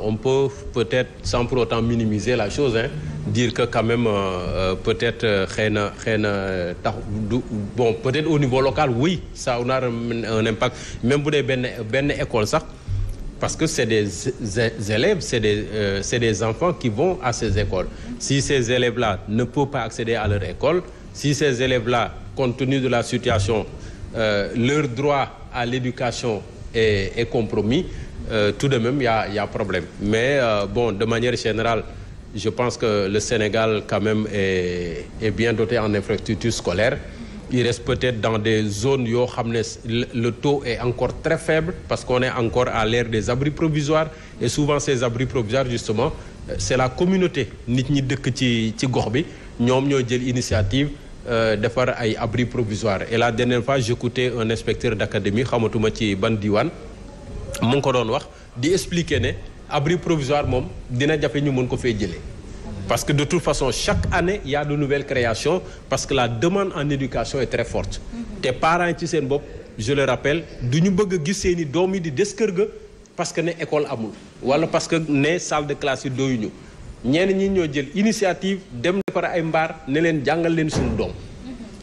On peut peut-être, sans pour autant minimiser la chose, hein, dire que quand même, euh, euh peut-être, euh, euh bon, peut-être au niveau local, oui, ça on a un, impact. Même pour les école écoles, parce que c'est des, des élèves, c'est des, euh, des enfants qui vont à ces écoles. Si ces élèves-là ne peuvent pas accéder à leur école, si ces élèves-là, compte tenu de la situation, euh, leur droit à l'éducation est, est compromis, euh, tout de même ya ya problème mais euh, bon de manière générale je pense que le Sénégal quand même est est bien doté en infrastructure scolaire il reste peut-être dans des zones yoo xam ne le taux est encore très faible parce qu'on est encore à l'ère des abris provisoires et souvent ces abris provisoires justement euh, c'est la communauté nit ñi dëkk ci ci gox bi ñoom ñoo jël initiative euh, defar ay abris provisoires et la dernière fois j'écoutais un inspecteur d'académie xamatuma ci ban diwaan mu ngi ko doon wax di expliquer ne abri provisoire moom dina jafe ñu mën ko fee jëlee. parce que de toute façon chaque année il y a de parce que la demande en éducation est très forte. te parent yi ci seen bopp je le rappelle du ñu bëgg a gis seen i doom yi di des kër ga parce que ne école amul. wala parce que ne salle de classe yi doyuñu ñenn ñi ñoo jël initiative dem defar ay mbaar ne leen jàngal leen suñu doom.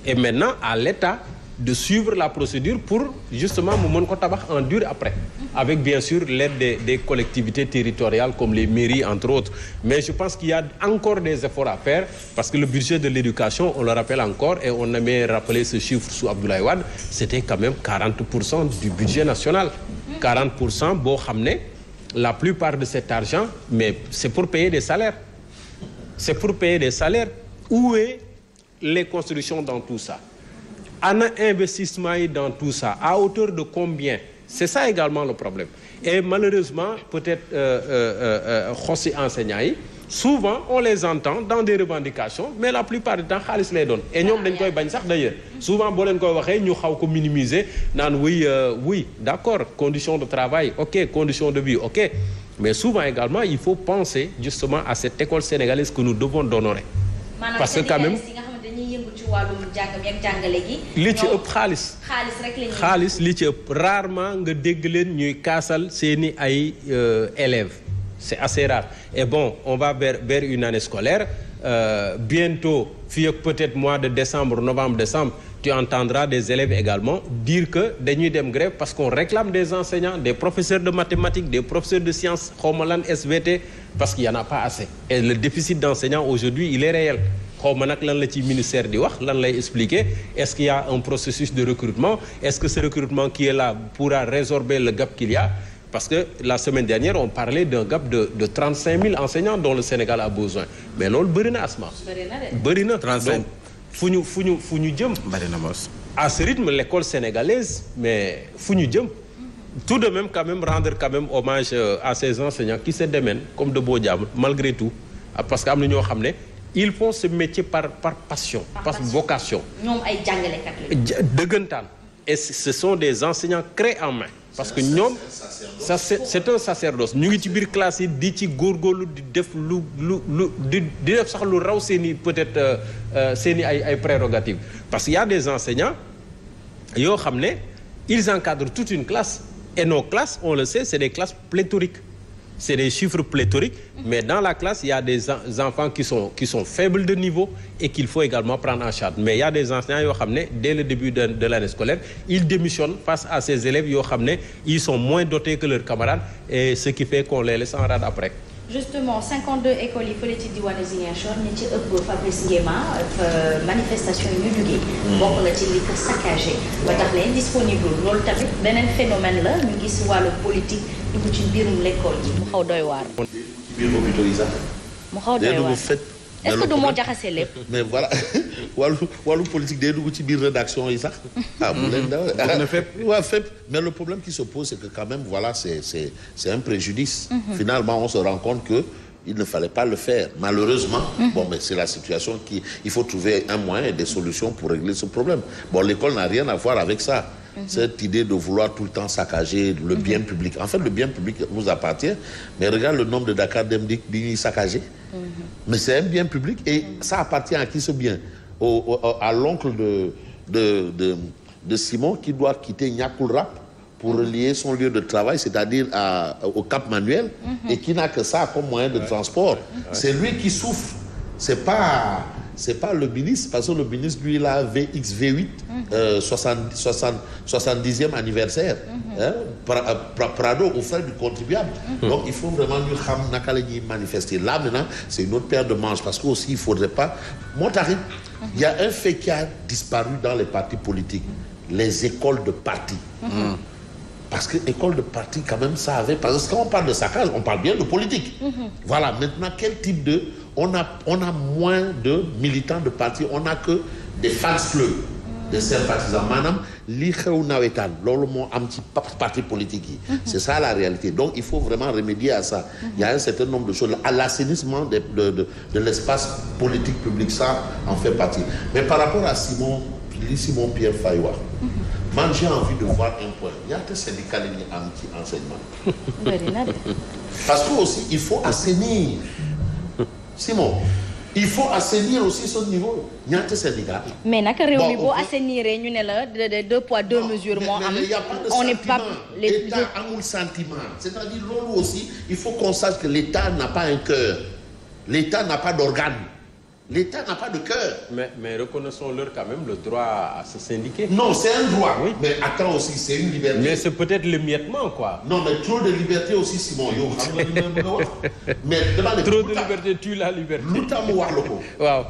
et maintenant à l'État de suivre la procédure pour justement mu mën ko tabax en dur après avec bien sûr l'aide des des collectivités territoriales comme les mairies entre autres mais je pense qu'il y a encore des efforts à faire parce que le budget de l'éducation on le rappelle encore et on aimait rappeler ce chiffre sous Abdoulaye Wade c'était quand même cent du budget national 40 pour cent boo xam ne la plupart de cet argent mais c'est pour payer des salaires c'est pour payer des salaires où est les constructions dans tout ana investissement yi dans tout ça à hauteur de combien c'est ça également le problème et malheureusement peut-être euh, euh, euh, xosi enseignants yi souvent on les entend dans des revendications mais la plupart du temps xaalis lay doon et ñoom dañ koy bañ sax d'ailleurs souvent boo leen koy waxee ñu xaw ko minimiser naan oui oui d'accord condition de travail ok condition de vie ok mais souvent également il faut penser justement à cette école sénégalaise que nous devons honorer parce que quand wàllum li ci ëpp xaalis. xaalis xaalis li ci ëpp rarement nga dégg leen ñuy kaasal seeni ay euh, élèves c' est assez rare et bon on va vers vers une année scolaire euh, bientôt fii ak peut-être mois de décembre novembre décembre tu entendras des élèves également dire que dañuy dem grève parce qu'on réclame des enseignants des professeurs de mathématiques des professeurs de sciences xawma lan SVT parce que y en a pas assez et le déficit d'enseignants aujourd'hui il est réel xaw ma nag lan la ci ministère di wax lan lay expliqué est-ce qu'il y a un processus de recrutement est-ce que ce recrutement qui est là pourra résorber le gap qu'il parce que la semaine dernière on parlait d'un gap de de 35 000 enseignants dont le Sénégal a besoin mais loolu bëri na asma. bëri na 35 donc fu ñu fu ñu fu ñu jëm. bëri na mos. à ce rythme l'école sénégalaise mais fu ñu jëm. tout de même quand même rendre quand même hommage euh, à ces enseignants qui se démènent comme de beaux diables malgré tout ah, parce am na ñoo xam ne. ils font ce métier par par passion. par, par passion. vocation. ñoom ay jàngalekat lañu. dëggantaan et ce sont des enseignants clés en main. parce que ñoom ça c'est un sacerdoce ñu ngi ci biir classe yi di ci góorgóorlu di def lu lu lu di di def sax lu raw seeni peut-être euh, euh, seeni ay ay prérogatives parce que y des enseignants yoo xam ne ils encadrent toute une classe et nos classes on le sait c'est des classes pléthoriques c'est des chiffres pléthoriques, mais dans la classe, il y a des enfants qui sont, faibles de niveau et qu'il faut également prendre en charge. Mais il y a des enseignants, yo dès le début de, de l'année scolaire, ils démissionnent face à ces élèves, yo ils sont moins dotés que leurs camarades, et ce qui fait qu'on les laisse après. Euh, manifestation yi ñu duggee. Hmm. bokk na ci li ko saccagé. ba tax la indisponible loolu phénomène la ñu gis dugg ci biirum l'école yi mu xaw doy waar. ci biir hôpitaux yi sax. mu xaw doy waar est-ce que du moo jaxasee lépp. mais voilà wàllu wàllu politique day dugg ci biir rédaction yi sax. ah mu leen daw na fépp waaw fépp mais le problème qui se pose c'est que quand même voilà c'est c'est c'est un préjudice. Mhm. finalement on se rend compte que. il ne fallait pas le faire malheureusement mmh. bon mais c'est la situation qui il faut trouver un moyen et des solutions pour régler ce problème bon l'école n'a rien à voir avec ça Mhm. Cette idée de vouloir tout le temps saccager le mhm. bien public. En fait, le bien public nous appartient, mais regarde le nombre de Dakar Demdik saccagés. Mhm. Mais c'est un bien public et ça appartient à qui ce bien au, au, À l'oncle de, de, de, de, Simon qui doit quitter Nyakoul Rap pour relier son lieu de travail, c'est-à-dire à, au Cap Manuel, mm -hmm. et qui n'a que ça comme moyen de transport. C'est lui qui souffre. C'est pas c'est pas le ministre, parce que le ministre, lui, il a VXV8, mm -hmm. e anniversaire. Mm -hmm. hein, pra, euh, pra, Prado au frère du contribuable. Mm -hmm. Donc, il faut vraiment lui ramener manifester. Là, maintenant, c'est une autre paire de manches, parce qu'aussi, il faudrait pas. Montari, mhm. il y a un fait qui a disparu dans les partis politiques les écoles de parti. Mhm. Mhm. Parce que école de parti, quand même, ça avait. Parce que quand on parle de saccage, on parle bien de politique. Voilà, maintenant, quel type de on a, on a moins de militants de parti on a que des fans-fleurs des sympathisants maanaam li xew nawetaan loolu moo am ci parti politique yi mhm. c'est ça la réalité donc il faut vraiment remédier à ça mhm. il y a un certain nombre de choses à l'assainissement de de, de, de l'espace politique public ça en fait partie mais par rapport à Simon li Simon Pierre Faye wax mhm. envie de voir un point ñaata syndicat la ñu am ci enseignement parce que aussi il faut assainir Simon il faut assainir aussi son niveau ñaata Sénégal. mais na réew mi boo assainir ñu ne la de deux poids deux mesures moo am. on n'est pas les état sentiment. c'est-à-dire loolu aussi il faut qu'on sache que l'état n'a pas un cœur l'état n'a pas d'organe L'État n'a pas de cœur. Mais, mais reconnaissons-leur quand même le droit à se syndiquer. Non, c'est un droit. Oui. Mais attends aussi, c'est une liberté. Mais c'est peut-être le miettement, Non, mais trop de liberté aussi, Simon. Yo, mais Trop de liberté tue la liberté. wow.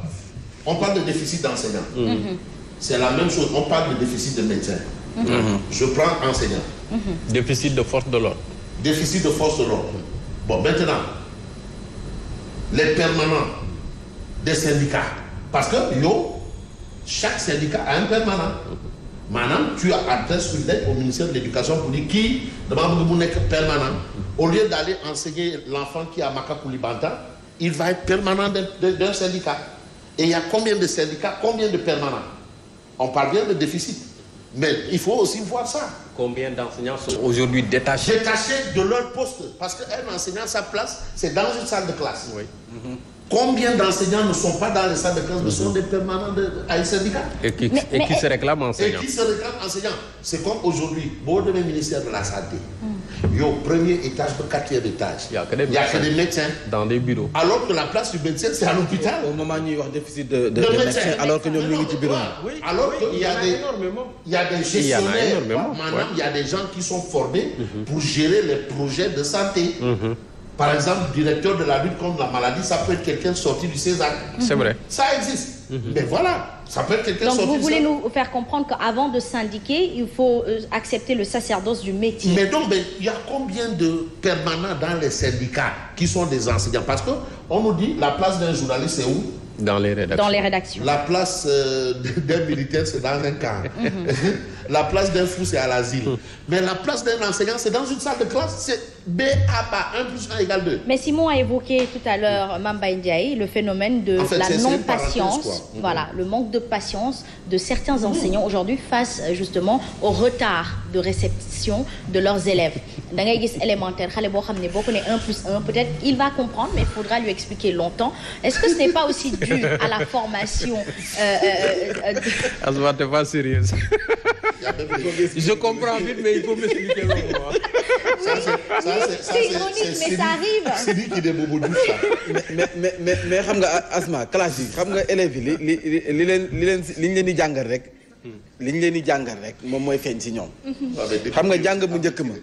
On parle de déficit d'enseignants. Mm -hmm. C'est la même chose. On parle de déficit de médecins. Mm-hmm. Je prends enseignants. Mm-hmm. Déficit de force de l'ordre. Déficit de force de l'ordre. maintenant, les permanents des syndicats parce que yow chaque syndicat a un permanent maanaam tu a adresse une lettre au ministère de l'éducation pour dire kii damaa bëgg mu nekk permanent au lieu d'aller enseigner l'enfant qui est à Makacoulibanta il va être permanent d'un syndicat et il y a combien de syndicats combien de permanents on parle de déficit mais il faut aussi voir ça combien d'enseignants sont aujourd'hui détachés de leur poste parce que un enseignant sa place c'est dans Combien d'enseignants ne sont pas dans les salles de classe, mais sont des permanents de, à un syndicat Et qui, mais, et qui se réclament enseignants. C'est comme aujourd'hui, bord de la Santé. Mm. Yo, premier étage, quatrième étage. Il y a des médecins. Dans des bureaux. Alors que la place du médecin, c'est à l'hôpital. alors qu'il y, a des gestionnaires. Il il y a des gens qui sont formés mm-hmm. pour gérer les projets de santé. Mm-hmm. Par exemple, directeur de la lutte contre la maladie, ça peut être quelqu'un sorti du César. C'est vrai. Ça existe. Mm -hmm. Mais voilà, ça peut être quelqu'un sorti du César. Donc vous voulez nous faire comprendre qu'avant de syndiquer, il faut euh, accepter le sacerdoce du métier. Mais donc, mais il y a combien de permanents dans les syndicats qui sont des enseignants? Parce que on nous dit la place d'un journaliste, c'est où? Dans les rédactions. Dans les rédactions. La place euh, d'un militaire, c'est dans un camp. Mm -hmm. La place d'un fou, c'est à l'asile. Mmh. Mais la place d'un enseignant, c'est dans une salle de classe, c'est B A par 1 plus 1 égale 2. Mais Simon a évoqué tout à l'heure, hmm. Mamba Ndiaye, le phénomène de en la non-patience, hmm. voilà, le manque de patience de certains mmh. enseignants aujourd'hui face euh, justement au retard de réception de leurs élèves. da ngay gis élémentaire xale boo xam ne boo ko ne 1 plus 1 peut-être il va comprendre mais il faudra lui expliquer longtemps est-ce que ce n'est je comprends vite, mais il faut m'expliquer mais ça Mais, mais, mais, mais, xam nga asma classique xam nga élèves yi li li leen li leen li leen di jàngal rek. li ñu leen di jàngal rek moom mooy feeñ si ñoom. xam nga jàng mu njëkk ma.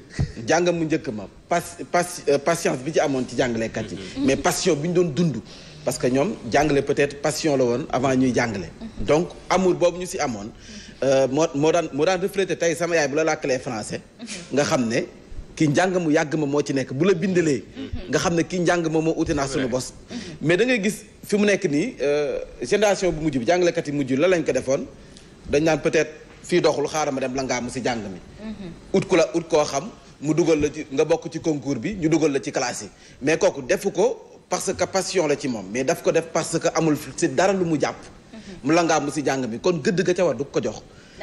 jàngam mu njëkk ma pas pas euh, patience bi ci amoon ci jàng jàngalekat yi. mais passion bi ñu doon dund. parce que ñoom jàngale peut-être passion la woon avant ñuy jàngale. donc amul boobu ñu si amoon. Euh, moo moo daan moo daan reflété tey sama yaay bu la làkkalee français. nga xam ne ki njàng mu yàgg ma moo ci nekk bu la bindalee. nga xam ne ki njàng ma moo uti naa suñu bos. mais dangay gis fi mu nekk nii euh, génération bu mujj bi jàngalekat yi mujj la lañ ko defoon dañ naan peut-être fii doxul xaaral ma dem la ngaa mu si jàng mi. ut ko la ut koo xam mu dugal la nga bokk ci concours bi ñu dugal la ci classe yi mais kooku defu ko. parce que passion la ci moom mais daf ko def parce que amul si dara lu mu jàpp. mu langaa mu si jàng bi kon gëdd ga ca war du ko jox.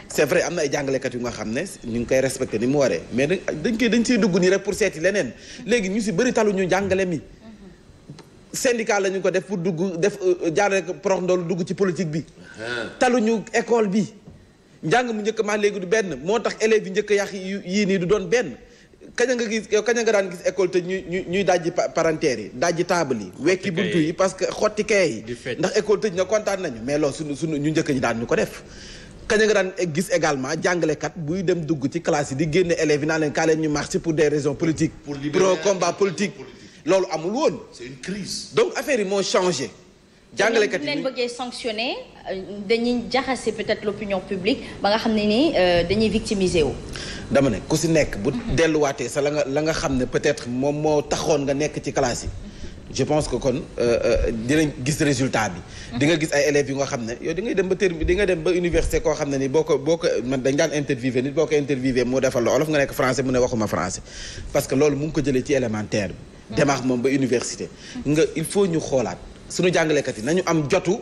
c'est vrai am na ay jàngalekat yu nga xam ne ñu ngi koy respecté ni mu waree mais dañ koy dañ siy dugg nii rek pour seeti leneen. léegi ñu si bëri talu ñu jàngale mi. syndicat la ñu ko def pour dugg def euh, jaaree prox ndool dugg ci politique bi. Uh-huh. talu ñu école bi. njàng mu njëkk maa léegi du benn moo tax élèves yi njëkk yàq yii nii du doon benn. kaña nga gis yow kañ nga daan gis école te ñuy ñuy ñuy dajji parentère yi dajji taabal yi. wekki buntu yi parce que xotti kay yi. ndax école tëj na kontaan nañu mais loolu suñu su ñu njëkk ñi daan ñu ko def. kañ nga daan gis également jàngalekat buy dem dugg ci classe yi di génne élèves yi naa leen kaa leen ñu marché pour des raisons politiques. pour libérer pro combat politique. loolu amul woon. c'est une donc affaire yi moo changé. jàngalekat yi leen bëggee sanctionné euh, dañuy jaxase peut-être l'opinion publique ba nga xam ne ni euh, dañuy victimiser wu. dama ne ku si nekk bu mhm. delluwaatee sa la nga la nga xam ne peut-être moom moo taxoon nga nekk ci classe yi. je pense que kon euh, dinañ gis résultat bi. Mhm. di nga gis ay élèves yu nga xam ne yow di ngay dem ba di nga dem ba université koo xam ne ni boo ko boo ko man dañ daan interviewé nit boo ko interviewé moo defal la olof nga nekk français mu ne waxuma français. parce que loolu mu ko jëlee ci élémentaire bi. Mhm. demax moom ba université. nga il faut ñu xoolaat. suñu jàngalekat yi nañu am jotu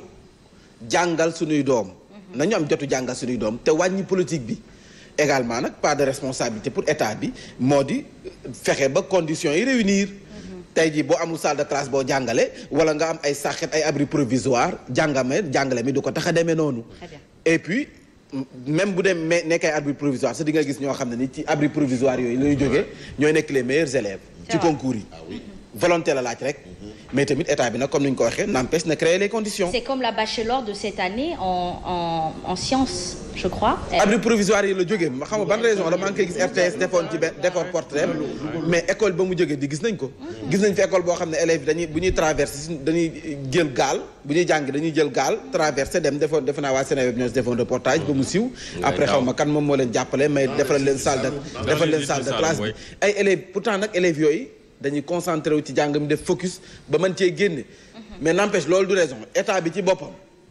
jàngal suñuy doom mhm. nañu am jotu jàngal suñuy doom te wàññi politique bi également nag pas de responsabilité pour état bi moo di fexe ba conditions yi réunir mhm. tey jii boo amul salle de classe boo jàngale wala nga am ay sàkket ay abri provisoire jàngame jàngale mi du ko tax a demee noonu et puis même bu dem mais nekkay abri provisoire sax di nga gis ñoo xam ne ni ci abri provisoire yooyu lay jógee ñooy nekk les meilleurs élèves ci concours yi ah volonté la laaj rek. mais tamit état bi nag comme ni ñu ko waxee n'empêche na créer les conditions. c'est comme la bachelor de cette année en en en sciences yi la jógee ma xam nga ban la maa ngi koy gis RTS defoon ci benn defoon portrait mais école ba mu jógee di gis nañ ko. gis nañ fi école boo xam ne élèves yi dañuy bu ñuy traversé dañuy jël gaal bu ñuy jàng dañuy jël gaal traversé dem defoon defe naa waa Sénégal ñoo defoon reportage ba mu siiw. après kan moo leen jàppale mais defal leen salle de. defal leen salle de classe yooyu. dañuy concentré wu ci jàng mi def focus ba man cee génne. mais n'empêche loolu du raison état bi ci boppam.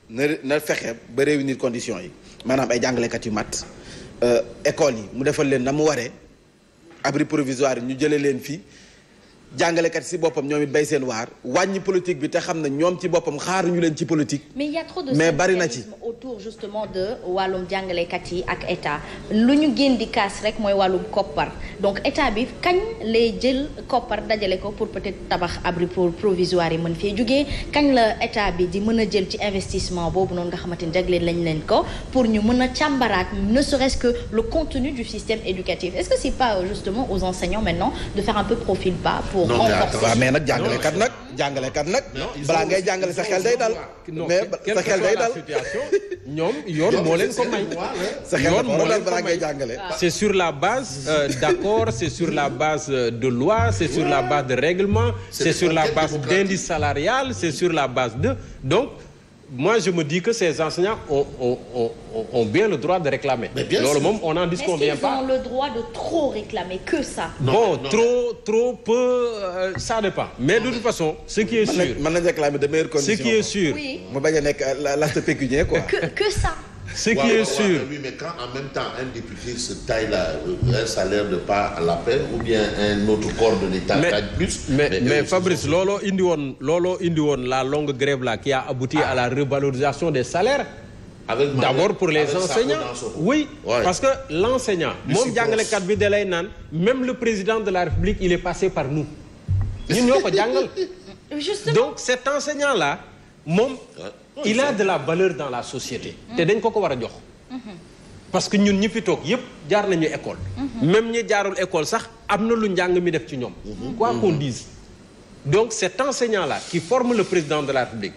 na na fexe ba réunir conditions yi maanaam ay jàngalekat yu mat euh, école yi mu defal leen na mu waree abri provisoire yi ñu jëlee leen fii. jàngalekat si boppam ñoom it bay seen waar wàññi politique bi te xam na ñoom ci boppam xaaruñu leen ci politique. mais y a trop de mais bari na ci autour justement de wàllum yi ak état lu ñu génn di kaas rek mooy wàllum koppar donc état bi kañ lay jël koppar dajale ko pour peut-être tabax abri pour provisoire yi mën fee jugee kañ la état bi di mën a jël ci investissement boobu noonu nga xamante ni jagleel lañ leen ko pour mën a càmbaraat ne serait que le contenu du système éducatif est-ce que c'est pas justement aux enseignants de faire un peu profil bas non waaw mais nag jàngalekat nag jàngalekat nag. balaa ngay jàngale sa xel day dal. mais sa xel day dal ñoom yoon moo leen ko may. sa xel moo dal ah. sur la base euh, d' accord c' sur la base euh, de loi c' sur la base de règlement c' sur la base d' indice salarial c' est sur la base de donc. moi je me dis que ces enseignants ont, bien le droit de réclamer. mais bien sûr moom on n'en disconvient pas. Est-ce qu'ils ont le droit de trop réclamer que ça. trop peu euh, ça dépend. mais de toute façon. ce qui est sûr mën nañ réclamer de meilleures conditions. ce qui est sûr. ma a nekk l'aspect pécuniaire quoi. que que ça. Ce qui est sûr. Ouais, oui, en même temps un député se taille euh, la paix ou bien un autre corps de l'État gagne plus. Mais, mais, mais Fabrice, Lolo Indiwon, Lolo Indiwon, la longue grève là qui a abouti ah. à la revalorisation des salaires. D'abord pour les enseignants. Oui, parce que l'enseignant, moom jàngalekat bi da lay même le président de la République, il est passé par nous. ñun ñoo ko jàngal. Justement. Donc cet enseignant là, moom il a de la valeur dans la société. te dañ ko ko war a jox. parce que ñun ñi fi toog yépp jaar nañu école. même ñi jaarul école sax am na lu njàng mi def ci ñoom. quoi qu'on dise. donc cet enseignant la qui forme le président de la République.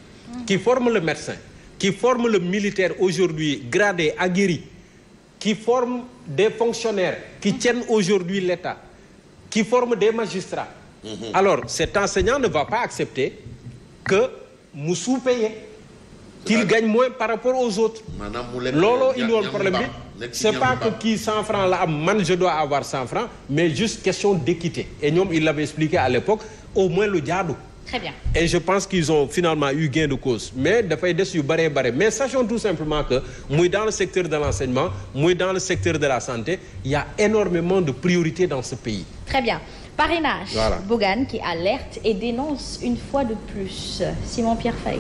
qui forme le médecin. ki forme le militaire aujourd'hui gradé aguerri. qui forme des fonctionnaires. qui tiennent aujourd'hui l'État. qui forme des magistrats. Mhm. alors cet enseignant ne va pas accepter que mu sous-payer. qu'il gagne moins par rapport aux autres. looloo indi woon problème bi c'est pas que kii cent francs la am man je dois avoir cent francs mais juste question d'équité et ñoom il l'avait expliqué à l'époque au moins lu jaadu. très bien et je pense qu'ils ont finalement eu gain de cause mais dafay des yu bëree bëri mais sachons tout simplement que muy dans le secteur de l'enseignement muy dans le secteur de la santé il y a énormément de priorités dans ce pays. très bien. Parrainage. Voilà. Bougane qui alerte et dénonce une fois de plus Simon-Pierre Faye.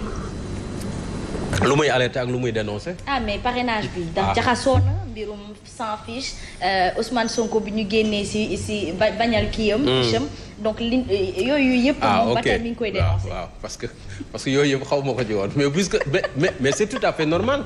lu muy alerté ak lu muy dénoncé. ah mais parrainage bi. ndax ah. jaxasoo na mbirum sans fiche euh, Ousmane Sonko bi ñu génnee si si bañal kiyam hmm. ficham donc li euh, yooyu yëpp. ah moom ba tey mi ngi koy ah, dénoncé. waaw parce que parce que yooyu yëpp xaw ma ko ci woon mais puisque mais mais c'est tout à fait normal.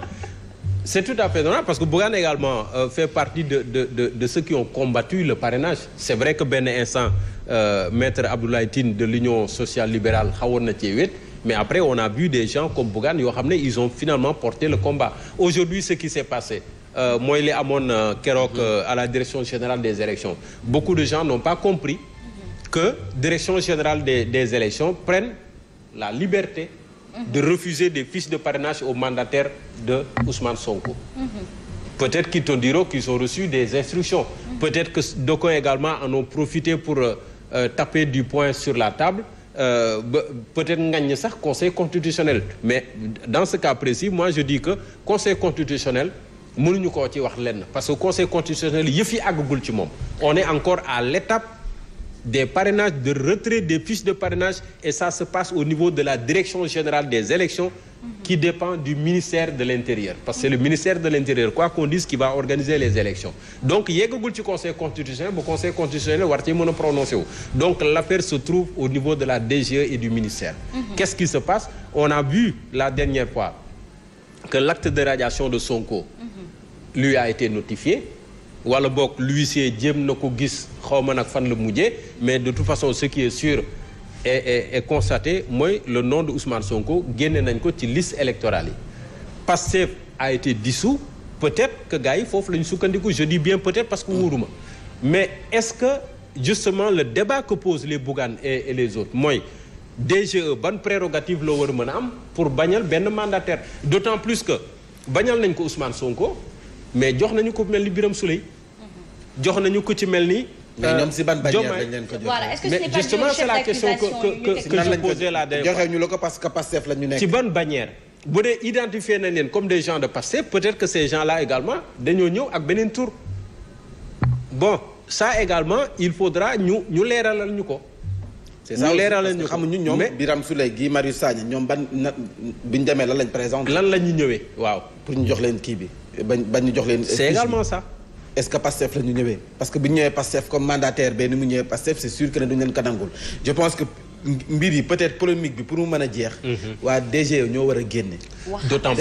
c'est tout à fait normal parce que Bougane également euh, fait partie de de qui ont combattu le parrainage c'est vrai que benn instant euh, maître Abdoulaye Tine de l'Union sociale libérale xawoon na cee wét. mais après on a vu des gens comme Bougane yoo xam ne ils ont finalement porté le combat aujourd'hui ce qui s'est passé euh, mooy li amoon euh, à la direction générale des élections beaucoup de gens n'ont pas compris mm-hmm. que direction générale des, des élections prenne la liberté mm-hmm. de refuser des fiches de parrainage au mandataires de Ousmane Sonko mm -hmm. Peut-être qu'ils te diront qu'ils ont reçu des instructions. Mm-hmm. Peut-être que d'aucuns également en ont profité pour euh, euh taper du point sur la table. Euh, ba peut-être ngañ sax conseil constitutionnel mais dans ce cas précis moi je dis que conseil constitutionnel mënuñu koo ci wax lenn parce que conseil constitutionnel yëf yi àggagul ci moom on est encore à l'étape des parrainages de retrait des fiches de parrainage et ça se passe au niveau de la direction générale des élections qui dépend du ministère de l'Intérieur parce que c'est le ministère de l'Intérieur quoi qu'on dise qui va organiser les élections donc yeggagul ci conseil constitutionnel bu conseil constitutionnel war ci mën a prononcé wu donc l'affaire se trouve au niveau de la DGE et du ministère mhm. qu'est-ce qui se passe on a vu la dernière fois que l'acte de radiation de Sonko mhm. lui a été notifié wala boog l'huissier jéem na ko gis xaw ma nag fan la mujjee mais de toute façon ce qui est est constaté mooy le nom de Ousmane Sonko génne nañ ko ci liste électorale yi Pastef a été dissous peut-être que gars yi foofu la sukkandiku je dis bien peut-être parce que ma mais est-ce que justement le débat que posent les Bougane et, les autres mooy DGE ban prérogative loo war a mën a am pour bañal benn mandataire d'autant plus que bañal nañ ko Ousmane Sonko mais jox nañu ko mel ni biram Souleye mm-hmm. jox nañu ko ci mel ni mais euh, ñoom si ban bannière lañ leen ko que ce n'est pas justement c'est la question que que que je posais la dernière fois joxe ñu la ko parce que Pastef nekk. ci ban bannière bu dee identifier nañ leen comme des gens de Pastef peut-être que ces gens-là également dañoo ñëw ak beneen tour bon ça également il faudra ñu ñu leeralal ñu ko. c'est ça leeralal ñu ko xamuñu ñoom Birame Souleye Guy Marius Sagna ñoom ban na bi ñu demee lan lañ présenté. lan la ñu ñëwee waaw. pour ñu jox leen kii bi bañ bañ ñu jox leen. c'est également ça. est-ce que Pastef la ñu ñëwee parce que bu ñu ñëwee mu ñëwee Pastef c'est sûr que ne duñu leen ko nangul je pense que mbir yi peut-être polémique bi pour mu mën a jeex. Mm-hmm. waa DG e ñoo war a génne. d'autant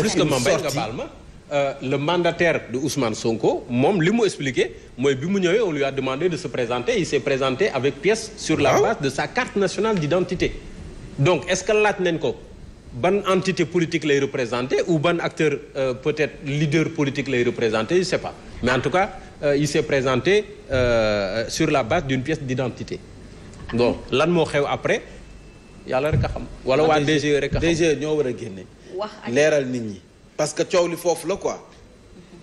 euh, le mandataire de Ousmane Sonko moom li mu expliquer mooy bi mu ñëwee on lui a demandé de se présenter il s'est présenté avec pièce sur la ah. base de sa carte nationale d'identité donc est-ce que laaj nañ ko ban entité politique lay représenter ou ban acteur euh, peut-être leader lay représenter je sais Euh, il s'est présenté euh, sur la base d'une pièce d'identité donc lan moo xew après yàlla rek a xam wala waa ah, DG rek a xam DG ñoo war a génne leeral nit ñi parce que coow li foofu la quoi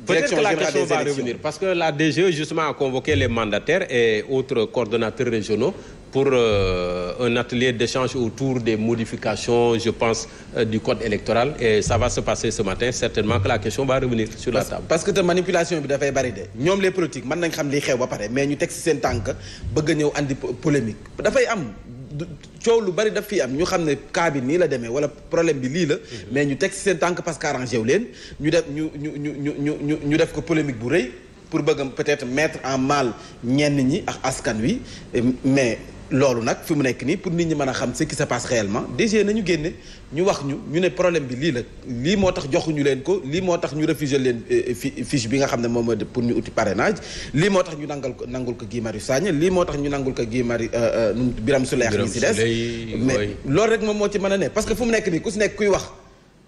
Peut-être que la question va revenir parce que la DGE justement a convoqué les mandataires et autres coordonnateurs régionaux pour euh, un atelier d'échange autour des modifications, je pense, euh, du code électoral. Et ça va se passer ce matin. Certainement que la question va revenir sur parce, la table. Parce que la manipulation, il faut barrer. Nous, les politiques, maintenant, nous savons ce qui mais nous texte seen tànk bëgg ñëw andi polémique dafay am coow lu bari daf fii am ñu xam ne cas bi nii la demee wala problème bi lii la mhm. mais ñu teg ci seen tànk parce que arrangé leen ñu def ñu ñu ñu ñu ñu ñu def ko polémique bu rëy pour bëgg peut-être mettre en mal ñenn ñi ak askan wi mais loolu nag fi mu nekk nii pour nit ñi mën a xam ce qui se passe réellement DG nañu génne ñu wax ñu ñu ne problème bi lii la lii moo tax joxuñu leen ko lii moo tax ñu refusé leen euh, euh, fiche bi nga xam ne moom mooy pour ñu uti parrainage lii moo tax ñu nangal ko nangul ko Guy Marius Sagna lii moo tax ñu nangul ko Guy Marius euh, Birame Souleye ak ñi si des mais loolu rek moom moo ci mën a ne parce que fu mu nekk nii ku si nekk kuy wax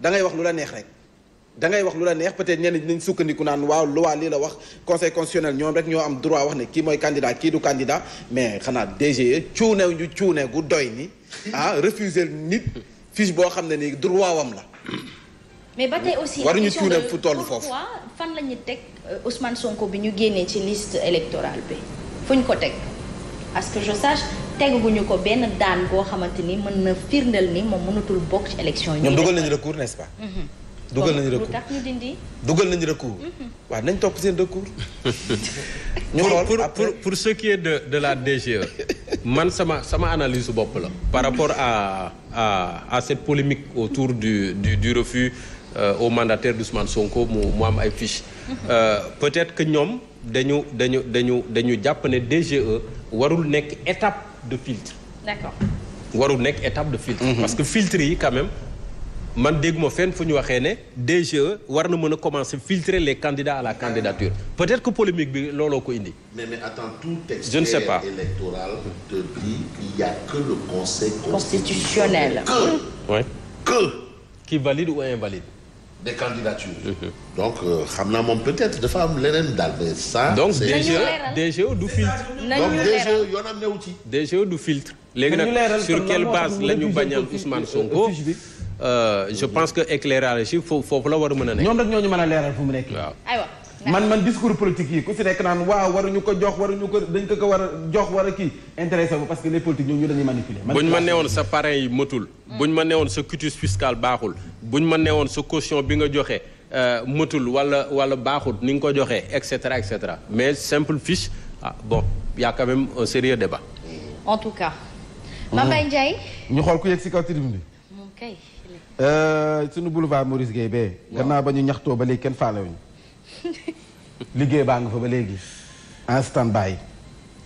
da ngay wax lu la neex rek dangay wax lu la neex peut-être ñenn ñi nañ sukkandiku naan waaw loi lii la wax conseil constitutionnel ñoom rek ñoo am droit wax ne kii mooy candidat kii du candidat mais xanaa DGE cuunew ñu cuune gu doy ni ah refuser nit fiche boo xam ne nii droit wam la. mais ba tey aussi. waruñu cuune fu toll foofu fan la ñu teg euh, Ousmane Sonko bi ñu génnee ci liste électorale bi fu ñu ko teg parce que je sache teguñu ko benn daan boo xamante ni mën na firndal ni moom mënatul bokk ci élection ñoom dugal nañu recours nest dugal nañu recours tax mhm. dugal nañu recours. waaw nañ topp seen recours. ñu xool pour pour ce qui de de la DGE man sama sama analyse bopp la. par rapport a à à cette polémique autour du du du refus euh, au mandataire d'Ousmane Sonko mu mu am ay fiches. Mhm. Euh, peut-être que ñoom dañu dañu dañu dañu jàpp ne DGE warul nekk étape de filtre. d'accord warul nekk étape de filtre. Mhm. parce que filtre yi quand man dégg ma fenn fu ñu waxee ne DGE war na mën a commencé filtrer les candidats à la candidature peut-être que polémique bi looloo ko indi. mais mais attends tout texte je ne sais pas électoral a que le conseil constitutionnel. que oui. que. ou invalide. des candidatures. Mm-hmm. donc euh, xam naa moom peut-être dafa am leneen daal mais ça. donc DGE DGE du filtre. donc DGE yoonam newu ci. DGE du filtre. léegi nag sur quelle base la ñu bañ a Ousmane Sonko. Euh, je pense que éclairage yi foofu la war a mën a nekk. ñoom rek ñoo ñu mën a leeral fu mu nekk. waaw aywa. man man discours politique yi ku si nekk naan waaw war ñu ko jox waruñu ko dañ ko ko war a jox war a kii intéressé wu parce que les politiques ñoom ñu dañuy manipuler. Hmm. buñ ma newoon sa parrain yi matul. buñ ma newoon sa quitus fiscal baaxul. buñ ma newoon sa caution bi nga joxe euh, matul wala wala baaxul ni nga ko joxee et cetera et cetera mais simple fiche ah bon y' a quand même un sérieux en tout cas. Mbaye Ndiaye. Hmm. ñu xool ku yegg si kaw tribune bi. moom kay. Euh, suñu boulevard Maurice bee. gannaaw ba ñu ñaxtoo ba léegi kenn faalewuñu liggéey baa ngi fa ba léegi en stand by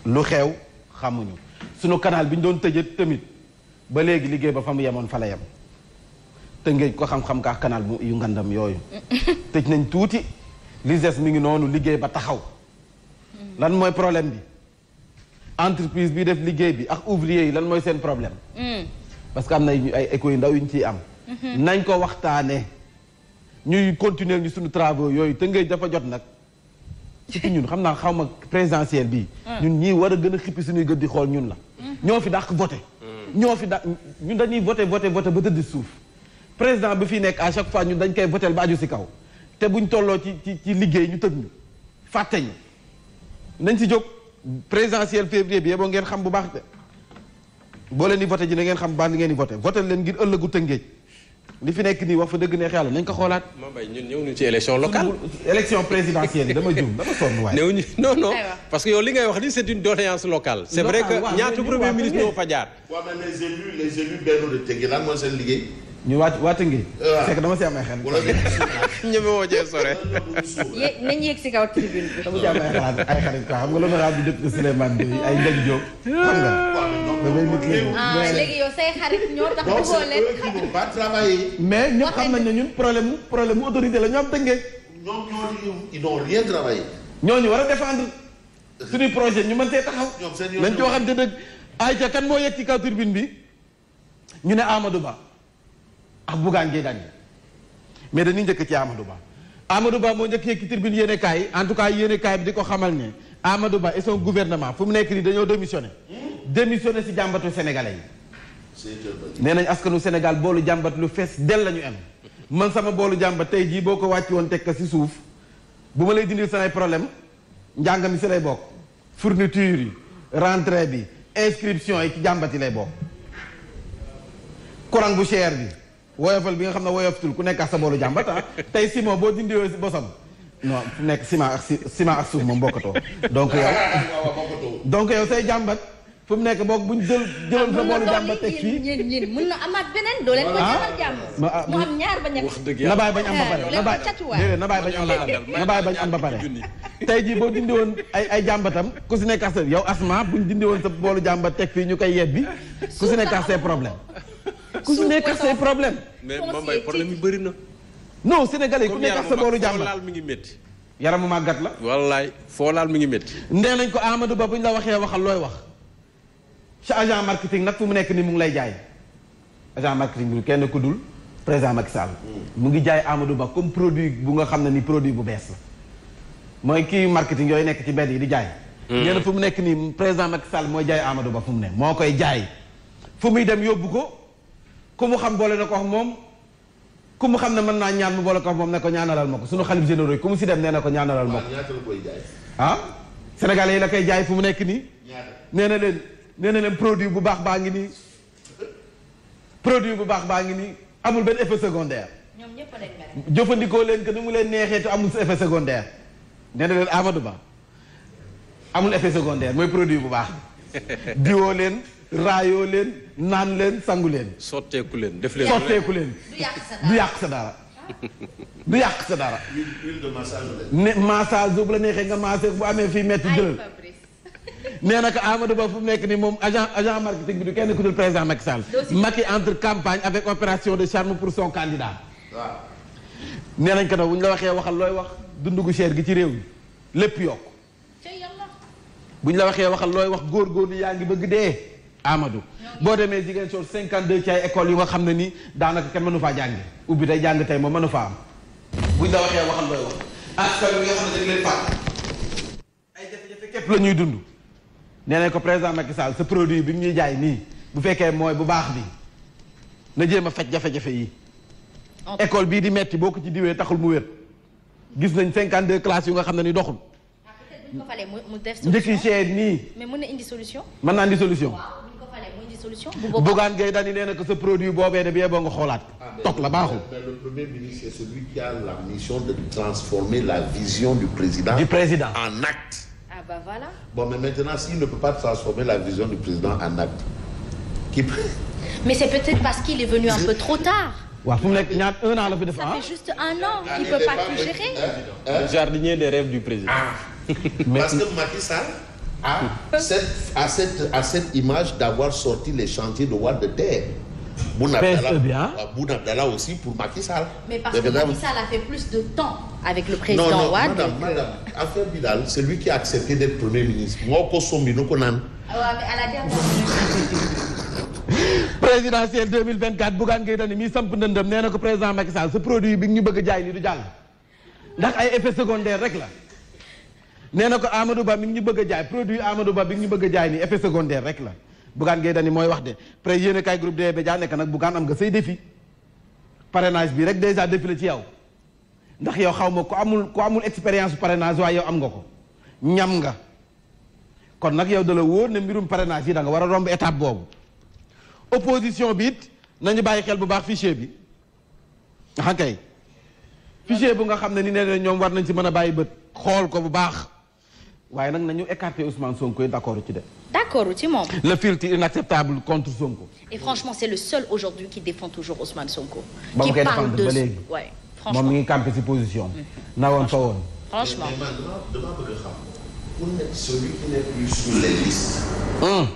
lu xew xamuñu sunu kanaal bi ñu doon tëjee tamit ba léegi liggéey ba fa mu yemoon fa la yem te ngeen ko xam-xam kaa canal yu ngandam yooyu tëj nañ tuuti lises mi ngi noonu liggéey ba taxaw lan mooy problème bi entreprise bi def liggéey bi ak ouvrier yi lan mooy seen problème mm. parce que am na ay écho yu ndaw yu ñu ciy am mm-hmm. nañ ko waxtaane ñuy continuer ñu suñu travaux yooyu te ngay dafa jot nag ci surtout ñun xam naa xaw ma présidentielle bii hmm. ñun ñii war a gën a xippi suñuy gën di xool ñun la hmm. ñoo fi dàq voté hmm. ñoo fi dàq ñun dañuy voté voté voté ba tëdd suuf président bi fi nekk à chaque fois ñun dañ koy votel ba aju si kaw te buñ tolloo ci ci liggéey ñu tëj ñu fàtte ñu nañ si jóg présidentielle février bi yeboo ngeen xam bu baax de boo leen di voté ji na ngeen xam baax li ngeen di voté leen ngir ëllëgu tëngeej li fi nekk nii wax fa dëgg neex yàlla nañ ko xoolaat. maa bay ñun ñëw ñu ci élection locale. élection présidentielle yi dama jum dama sonn waaye. néew ñu non non parce que yow li ngay wax ni c'est une doléance locale. c'est vrai que ñaata premier ministre ñoo fa jaar. waaw mais les élus les élus benn de tegi lan mooy seen liggéey. ñu waat waat ngi. waaw ah. fekk dama si am ay xel. wala ñeme woo jee sore. nañ yéeg si kaw tribune bi. dama si am ay xalaat ay xarit quoi xam nga l'honorable député ah. ah, ñoo tax mais ñëpp xam nañ ne ñun problème mu problème mu autorité am tënkee. ñoom ñoo ils n'ont rien travaillé. war a défendre. Euh. suñu projet ñu mën see taxaw. ñoom seen yoon nañ ci waxante dëgg. ayca kan moo yegg ci kaw tribune bi ñu ne Amadou Ba. ak Bougane Gueye Dany mais dañuy njëkk ci Amadou Ba Amadou Ba moo njëkkee ci tribune yéene kaay en tout cas yéene kaay bi di ko xamal ne Amadou Ba et son gouvernement fu mu nekk nii dañoo démissionné démissionné si jàmbatu sénégalais yi nee nañ askanu Sénégal boolu jàmbat lu fees dell la ñu man sama boolu jàmbat tey jii boo ko wàcc woon teg si suuf bu ma lay dindil samay problème njàng mi si lay bokk fourniture yi rentrée bi inscription yi ci jàmbat yi lay bokk courant bu bi woyofal bi nga xam ne woyofatul ku nekk ak sa boolu jàmbat ah tey Simon boo dindi bosam non fu nekk ciment ak ciment ak suuf moom bokkatoo donc yow donc yow say jàmbat fu mu nekk boog buñ jël jëloon sa boolu jàmbat teg fii ñeen ñeen mën na amaat beneen doo ba am ba pare na bàyyi na bàyyi bañ am na bàyyi bañ am ba tey jii boo dindi woon ay jàmbatam ku si nekk ak sa yow asma buñ dindi sa boolu jàmbat teg fii ñu koy yebbi ku si nekk ak problème ku nekk ak problème mais Mbaye problème yu bëri na. non Sénégalais yi ku nekk ak sa laal mi ngi métti. yaramu màggat la. wallaay foo laal mi ngi métti. nee nañ ko Amadou Ba bu ñu la waxee waxal looy wax. ci agent marketing nag fu mu nekk nii mu ngi lay jaay. agent marketing bi kenn ku dul président Macky hmm. mu ngi jaay Amadou Ba comme produit bu nga xam ne ni produit bu bees la. mooy kii marketing yooyu nekk ci mbedd yi di jaay. Hmm. nee na fu mu nekk nii président Macky Sall mooy jaay Amadou Ba fu mu ne moo koy jaay. fu muy dem yóbbu ko. ku mu xam boole na ko wax moom ku mu xam ne mën naa ñaan mu boole ko wax moom ne ko ñaanalal ma ko sunu xalif généraux yi ku mu si dem nee na ko ñaanalal ma ko ah yi la koy jaay fu mu nekk nii nee na leen nee na leen produit bu baax baa ngi nii produit bu baax baa ngi nii amul benn effet secondaire ñoom ñëpp jëfandikoo leen que ni mu leen neexee te amul effet secondaire nee na leen Amadou Ba amul effet secondaire mooy produit bu baax diwoo leen raayoo leen naan leen sangu leen. sotteeku leen def leen sotteeku leen. du yàq sa dara du yàq sa dara. ne massage bu la neexee nga massage bu amee fii metti jëlal. nee na ko Amadou Ba fu nekk nii moom agent agent marketing bi du kenn ku dul président Macky Sall. Macky entre campagne avec opération de charme pour son candidat. waaw. nee nañ ko nag bu ñu la waxee waxal looy wax dundu gu cher gi ci réew mi lépp yokk. bu la waxee waxal looy wax góor-góorlu yaa ngi bëgg dee. Amadou boo demee Ziguinchor 52 ci ay écoles yu nga xam ne ni daanaka kenn mënu faa jànge ubbi day jàng tey moom mënu faa am buñ la waxee xam ne dañ képp la ñuy dund nee nañ ko président Macky Sall sa produit bi ñuy jaay nii bu fekkee mooy bu baax bi na jéem a faj jafe-jafe yi école bii di metti boo ko ci diwee taxul mu wér gis nañ 52 classes yu nga xam ne ni doxul ah, njëkki cher nii mais mën na indi solution mën naa indi solution solution. bu boobaa Bougane Gueye Dany nee na que sa produit boobee de bien boo nga ah, la baaxul. mais le premier ministre c'est celui qui a la mission de transformer la vision du président. du président en acte. ah bah voilà. bon mais c'est peut-être parce qu'il est venu un peu trop tard. waaw fu mu nekk ñaar un an la fi def ah. ça fait ah? Ah, peut pas tout le jardinier des rêves du président. ah. parce que Macky à hmm. cette, à cette, à cette image d'avoir sorti les chantiers de Wade de terre. Boun Abdallah aussi pour Macky Sall. Mais parce que Macky a fait plus de temps avec le président Wade. c'est lui qui a accepté d'être Premier ministre. Moi, Kosombi, nous connaissons. Ah waaw mais à la dernière présidentielle 2024 Bougane Gueye Dany mi samp ndëndëm nee na ko président Macky Sall sa produit bi ñu bëgg a jaay li du jàll. ndax ay effets secondaires rek la. nee na ko Amadou Ba mi ngi ñu bëgg a jaay produit Amadou Ba bi ngi ñu bëgg jaay nii effet secondaire rek la Bougane Gueye Dany mooy wax de après yéen kay kaay groupe de médias nekk nag Bougane am nga say defi parrainage bi rek dèjà défi ci yow ndax yow xaw ma ku amul amul expérience parrainage waaye yaw am nga ko ñam nga kon nag yow da la wóor ne mbirum parrainage yi da war a romb étape boobu opposition bi it nañu bàyyi xel bu baax fichier bi nga xam kay bu nga xam ne ni nee ñoom war nañ ci mën a bàyyi bët xool ko bu baax waaye na nañu écarter Ousmane Sonko yi d' accord ci de. d' accord ci moom. le filtre inacceptable contre Sonko. et franchement c' le seul aujourd'hui qui défend toujours Ousmane Sonko. qui parle de ba léegi. Ouais, franchement moom mi ngi campé si position. Mm-hmm. na woon fa woon. franchement mais man damaa bëgg a xam. pour nekk celui qui mm.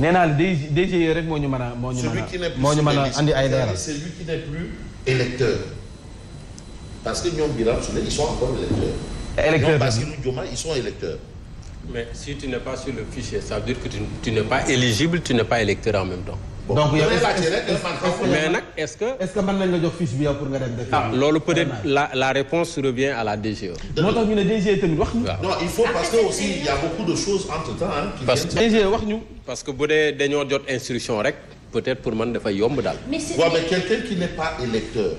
naa la rek moo ñu mën a. moo ñu mën moo ñu mën a andi ay leeral. celui qui n'est plus électeur. Parce que ñoom Birame Souleye ils sont encore électeurs. Électeurs ñoom Bassirou Diomaye Mais si tu n'es pas sur le fichier ça veut que tu, tu pas éligible tu n'es pas électeur en même temps. donc mais nag est-ce que. est-ce que mën nañ la jox fiche bi yow pour nga dem def. ah à e. moo tax ñu ne DGE tamit wax ñu. parce que aussi il y a beaucoup de choses entre-temps hein. parce que DGE wax ñu. parce que bu dee dañoo jot instruction rek peut-être pour man dafa yomb daal. mais quelqu'un qui n'est pas électeur.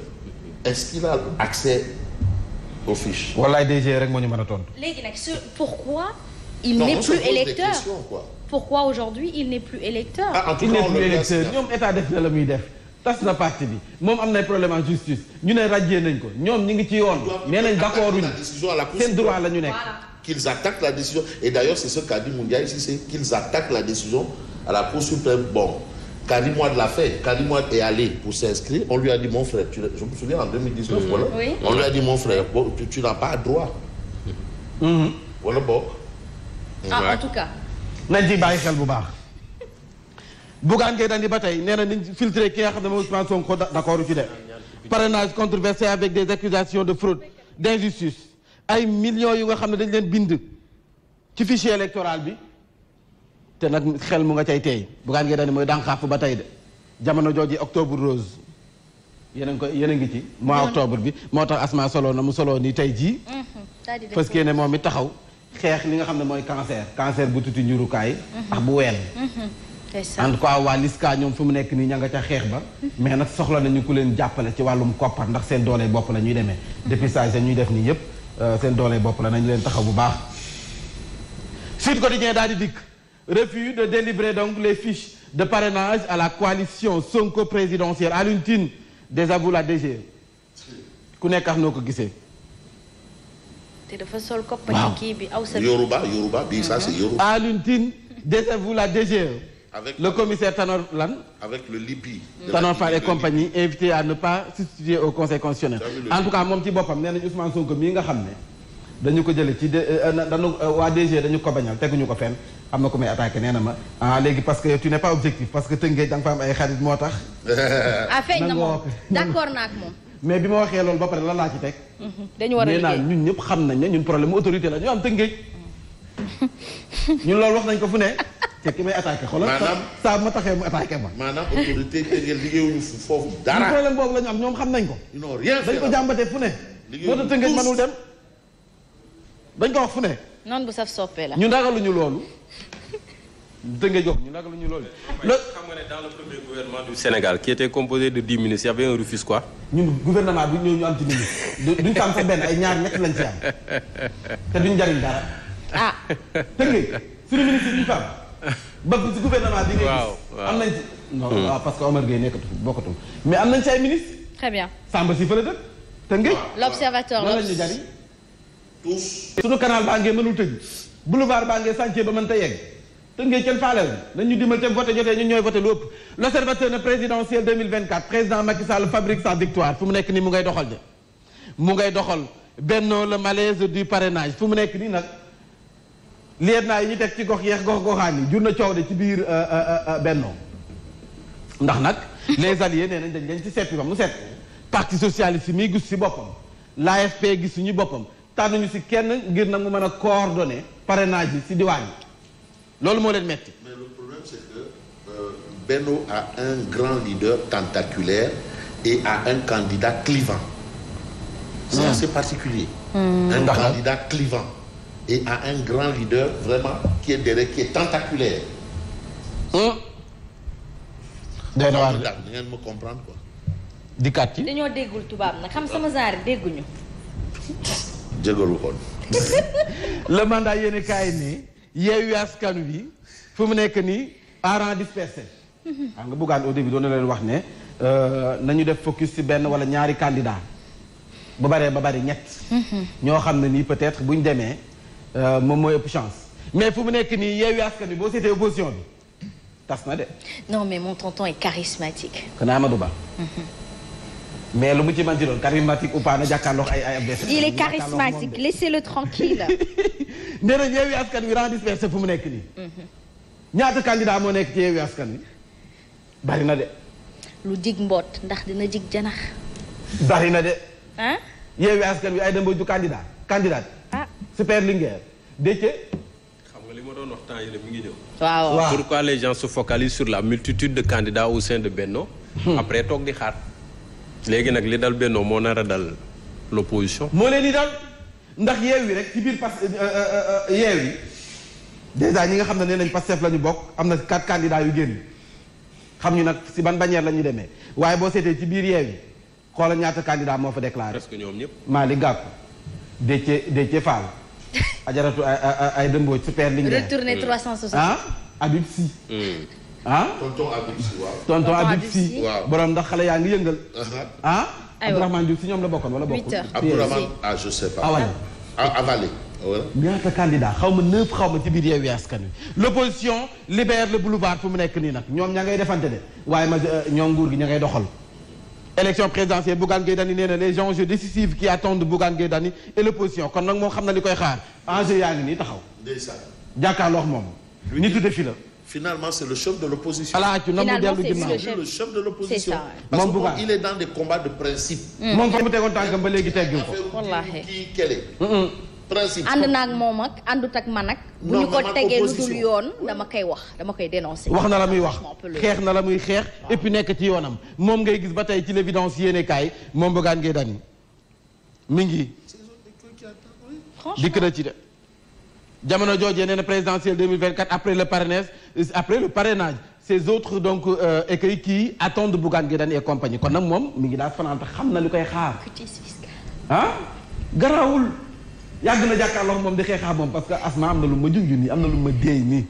est-ce qu'il a accès aux fiches. wallaay DG rek moo ñu mën a tontu. léegi nag ce pourquoi. il n'est plus électeur pourquoi aujourd'hui il n'est plus électeur. Ah, il n'est plus électeur ñoom état def na la muy def. tas na parti bi moom am nay problème en justice ñu ne rajee nañ ko ñoom ñu ngi ci yoon. nee nañ d'accord seen droit la ñu nekk. qu'ils attaquent la décision et d'ailleurs c'est ce qu'a dit Moundiaye ici c'est qu'ils attaquent la décision à Karim Wade l'a fait. Karim Wade est allé pour s'inscrire. On lui a dit, mon frère, tu n'as pas droit. Mm-hmm. bon. ah en tout cas. nañ ci bàyyi xel bu baax. Bougane Gueye Dany ba tey nee na nañ filtré ki nga xam ne moom Ousmane Sonko d'accord ci def. parrainage controversé avec des accusations de fraude d'injustice ay millions yu nga xam ne dañ leen bind ci fichier électoral bi. te nag xel mu nga cay tey bugaan ngi dani mooy dànqaafu ba tey de jamono jooju octobre rose yéen a ko yéen a ngi ci mois octobre bi moo tax asma solo na mu solo ni tey jii parce que ne moom it taxaw xeex li nga xam ne mooy cancer cancer bu tuti njurukaay mm-hmm. ak bu weel mm-hmm. en tout cas waa Liska ñoom fu mu nekk nii ña nga ca xeex ba mm-hmm. mais nag soxla nañu ku leen jàppale ci wàllum koppat ndax seen doole bopp la ñuy demee dépistage sa ñuy def nii yépp euh, seen doole bopp la nañu leen taxaw bu baax Refus de délivrer donc les fiches de parrainage à la coalition Sonko présidentielle Alioune Tine désavoue la DG e. ku nekk ak noo ko gisee. te dafa sol kopp ci kii bi aw sa. Yoruba Yoruba bii ça c'est Yoruba. Alioune Tine désavoue e. le commissaire Tanor Lan. avec le Libi. Tanor Fall et compagnie invité à ne pas substituer au en tout cas moom ci boppam nee nañu Ousmane Sonko mii nga xam ne dañu ko jële ci euh, euh, dañu euh, waa DG e dañu ko teguñu ko fenn. am na ko may attaqué nee na ma ah léegi parce que tu n'es pas objectif parce que tënkee da fa am ay xarit moo tax. ah feeñ na moom d'accord naa ak moom. mais bi ma waxee loolu ba pare lan laa ci teg. Mhm. dañu war a liggéey ñun ñëpp xam nañ ne ñun problème mu autorité la ñu am tënkee. ñun loolu wax nañ ko fu ne. te ki may attaqué xoolal. maanaam saa ma taxee mu attaqué ma. maanaam foofu dara. problème la ñu am ñoom xam nañ ko. non rien dañ ko jàmbatee fu ne. liggéeyuñu moo tax tënkee dem. dañ ko wax fu ne. noonu bu saf soppee la. ñu ragaluñu loolu dëgg jox ñu nag la ñu loolu. xam nga ne dans Sénégal qui était de dix ministres y avait un Rufisque quoi. ñun gouvernement bi ñoo ñu am ci nit ñi duñ fa am benn ay ñaar ñett lañ fi am te duñ jariñ dara. ah dëgg nga ministre duñ fa am ba ci gouvernement bi. ngay gis am nañ ci. Hmm. que Omar Gueye nekkatu mais am nañ ci ay ministres. très bien Samba si fële dëkk. te ngay l'observateur loolu lañ ñu jariñ. baa ngee mënul ba mën ta yegg. tënkee kenn faalew nañu dimbal te voté jotee ñun ñooy voté lu ëpp l' observateur na présidentiel 2024 président Macky Sall fabrique sa victoire fu mu nekk nii mu ngay doxal de mu ngay doxal bennoo le malaise du parrainage fu mu nekk nii nag leer naa yi ñu teg ci gox yeex gox goxaan yi jur na coow de ci biir euh, euh, euh, bennoo ndax nag les alliés nee nañ dañ leen ci seet bi ba mu seet parti socialiste muy gis si boppam l'AFP gis suñu boppam tànnuñu si kenn ngir nag mu mën a coordonné parrainage yi si diwaan loolu moo leen metti mais le problème c'est que euh, Benno a un grand leader tentaculaire et a un candidat clivant. Ah. c'est mmh. assez particulier. Hmm. un D'accord. candidat clivant. et a un grand leader vraiment qui est derrière qui est tentaculaire. day na waar di ngeen ma comprendre quoi. dikkaat ci. dañoo déggul tubaab na xam sama genre dégguñu. jégalu kon. le mandat yéen a kaay nii. yeewu askan wi fu mu nekk nii parents dispersés. xam nga Bougane au bi doon na leen wax ne euh, nañu def focus ci benn wala ñaari candidat bu baree ba bari ñett. ñoo xam ne nii peut-être bu ñu demee euh, moom mooy ëpp chance mais fu mu nekk nii yeewu askan wi boo seetee opposition bi tas na de. non mais mon tonton est charismatique. kon Amadou Ba. Mhm. mais lu mu ci manti doon charismatique ou pas na jàkkaarloog ay ay adversaires. il est charismatique le tranquille. nee yeewi askan wi rend dispersé fu mu nekk nii. Mhm. ñaata candidat moo nekk ci yeewi askan wi bari na de. lu jig mboot ndax dina jig janax. bari na de. ah. yeewi askan wi ay dem ba ju candidat candidat. ah super Linguère xam nga li ma doon wax temps yii mi ngi ñëw. waaw waaw pourquoi les gens sur la multitude de candidats au sein de Benno. Hmm. après léegi nag li dal bennoo moo nar a dal l'opposition moo leen di dal ndax yeew yi rek ci biir parce yeew yi dèjà ñi nga xam ne nee nañ Pastef la ñu bokk am na quatre candidats yu génn xam ñu nag si ban bannière la ñu demee waaye boo seetee ci biir yeew yi xoolal ñaata candidat moo fa déclaré. presque ñoom ñëpp. Malick Gakou Déthié Déthié Fall. ajaratu ay ay ay dëmboo super ligne. retourné 360 ah Habib Sy. Hmm. ah tonton Habib Sy waaw. tonton Habib Sy waaw. borom ndax xale yaa ngi yëngal. ah. aywa Abdourahmane Diouf si ñoom la bokkoon wala bokkul. Abdourahmane ah je sais pas. awal ah, ah, avalé. ñaata candidat xaw ma neuf xaw ma ci biir Yewwi Askan Wi l'opposition libère le boulevard fu mu nekk nii nag ñoom ña ngay defante de waaye ma euh, ñoom nguur gi ña ngay doxal. élection présidentielle Bougane Gueye Dany nee na les enjeux décisifs qui attendent Bougane Gueye Dany et l'opposition kon nag moom xam na li koy xaar enjeu yaa ngi nii taxaw. ndeysaan jàkkaarloo moom. nit defi la. finalement c'est le chef de l'opposition finalement c'est le chef de l'opposition parce que moom il est mu tegoon tànkam ba léegi teggu ko wallaahi kii kele principe naag moom ak àndut ak man ak bu ñu ko tegee lu yoon dama koy wax dama koy dénoncer wax na la muy wax xeex na la muy xeex et puis nekk ci yoonam moom ngay gis ba tey ci l'évidence yéene kaay moom bëggaan ngay dani mi ngi dikk na ci de jamono joojee nee na présidentielle 2024 après le parrainage après le parrainage ces autres donc euh, écueils kii attendent Bougane Gueye Dany et compagnie kon nag moom mi ngi daal fanaan te xam na lu koy xaar. ah garaawul yàgg na jàkkaarloo moom di xeexaa moom parce que asma am na lu ma junj nii am na lu ma déey nii.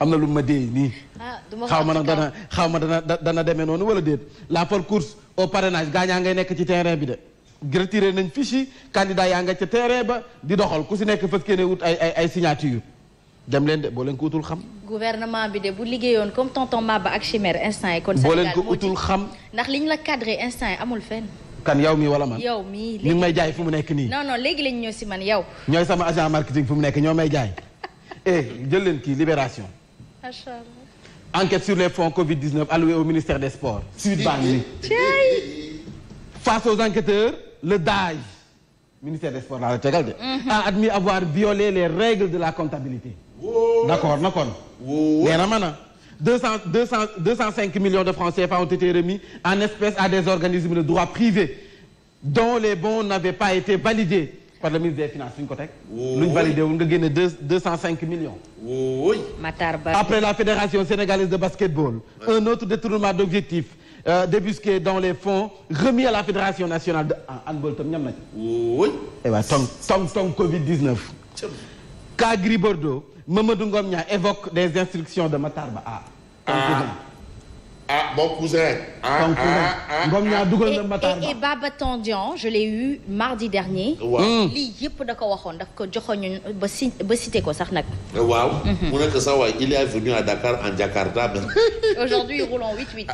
am na lu ma dee nii. Ah, xaw ma nag dana xaw ma dana dana demee noonu wala déet la folle course au parrainage gaañaa ngay nekk ci terrain bi de. retiré nañ fiche yi candidat yaa nga ca terrain ba di doxal ku si nekk fas keneen wut ay signature dem leen de boo leen ko utul xam. gouvernement bi de bu liggéeyoon comme tonton Maba ak Chimère instant yi. kon Sénégal boo leen ko utul xam. ndax liñ la cadré instant yi amul fenn. kan yow mii wala man yow mii léegi ñu may jaay fu mu nekk nii. non non léegi lañ ñëw si man yow. ñooy sama agent marketing fu mu nekk ñoo may jaay eh jël leen kii libération. macha allah. enquête sur les fonds Covid 19 alloués au ministère des sports. Sud baa ngi nii. face le DAGE ministère des sports la tegal de. Mhm. a admis avoir violé les règles de la comptabilité. d' accord na kon. cent deux cent cinq millions de francs CFA ont été remis en espèces à des organismes de droit privé dont les bons n'avaient pas été validés par le ministre des finances suñ ko teg. lu ñu validé wul cinq millions. Matar Ba. après la fédération sénégalaise de basketball. un autre détournement d' Euh, débusqué dans les fonds remis à la fédération nationale de handball ah, tam ñam na ci. oui. eh bien tong tong tong Covid 19. cas Gris Bordeaux Mamadou Ngom Niang évoque des instructions de Matarba A. Ah, ah bon cousin. ah bon cousin ah, ah, ah. dugal na Matar Ba et Baba Tandian je l'ai eu mardi dernier. waaw lii hmm. yëpp da ko waxoon daf ko joxoon ba si ba ko sax nag. waaw. Mhm. mu nekk sax waaye il est venu à Dakar en Jakarta même. aujourd'hui roule en 8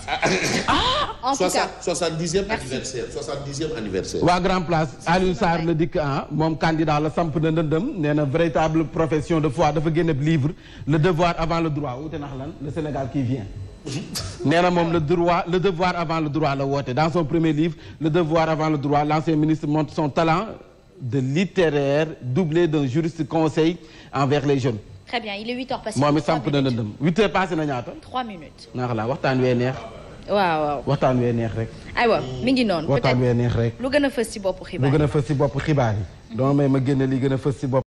en tout cas 70e anniversaire 70e anniversaire. waa grand place Aliou Sarr la dikk ah moom candidat la samp na nee na véritable profession de foi dafa génne livre le devoir avant le droit wuute nax lan le Sénégal qui vient. nee moom le droit le devoir avant le droit la woote dans son premier livre le devoir avant le droit l'ancien ministre montre son talent de littéraire doublé d'un juriste conseil envers les jeunes. très bien il est na dëndëm huit heures passées na ñaata. naax la waxtaan wee neex. waaw waaw waxtaan wee neex rek. aywa mi ngi noonu. waxtaan wee neex rek. lu gën a fës ci boppu xibaar yi lu may ma génne li gën a fës ci bopp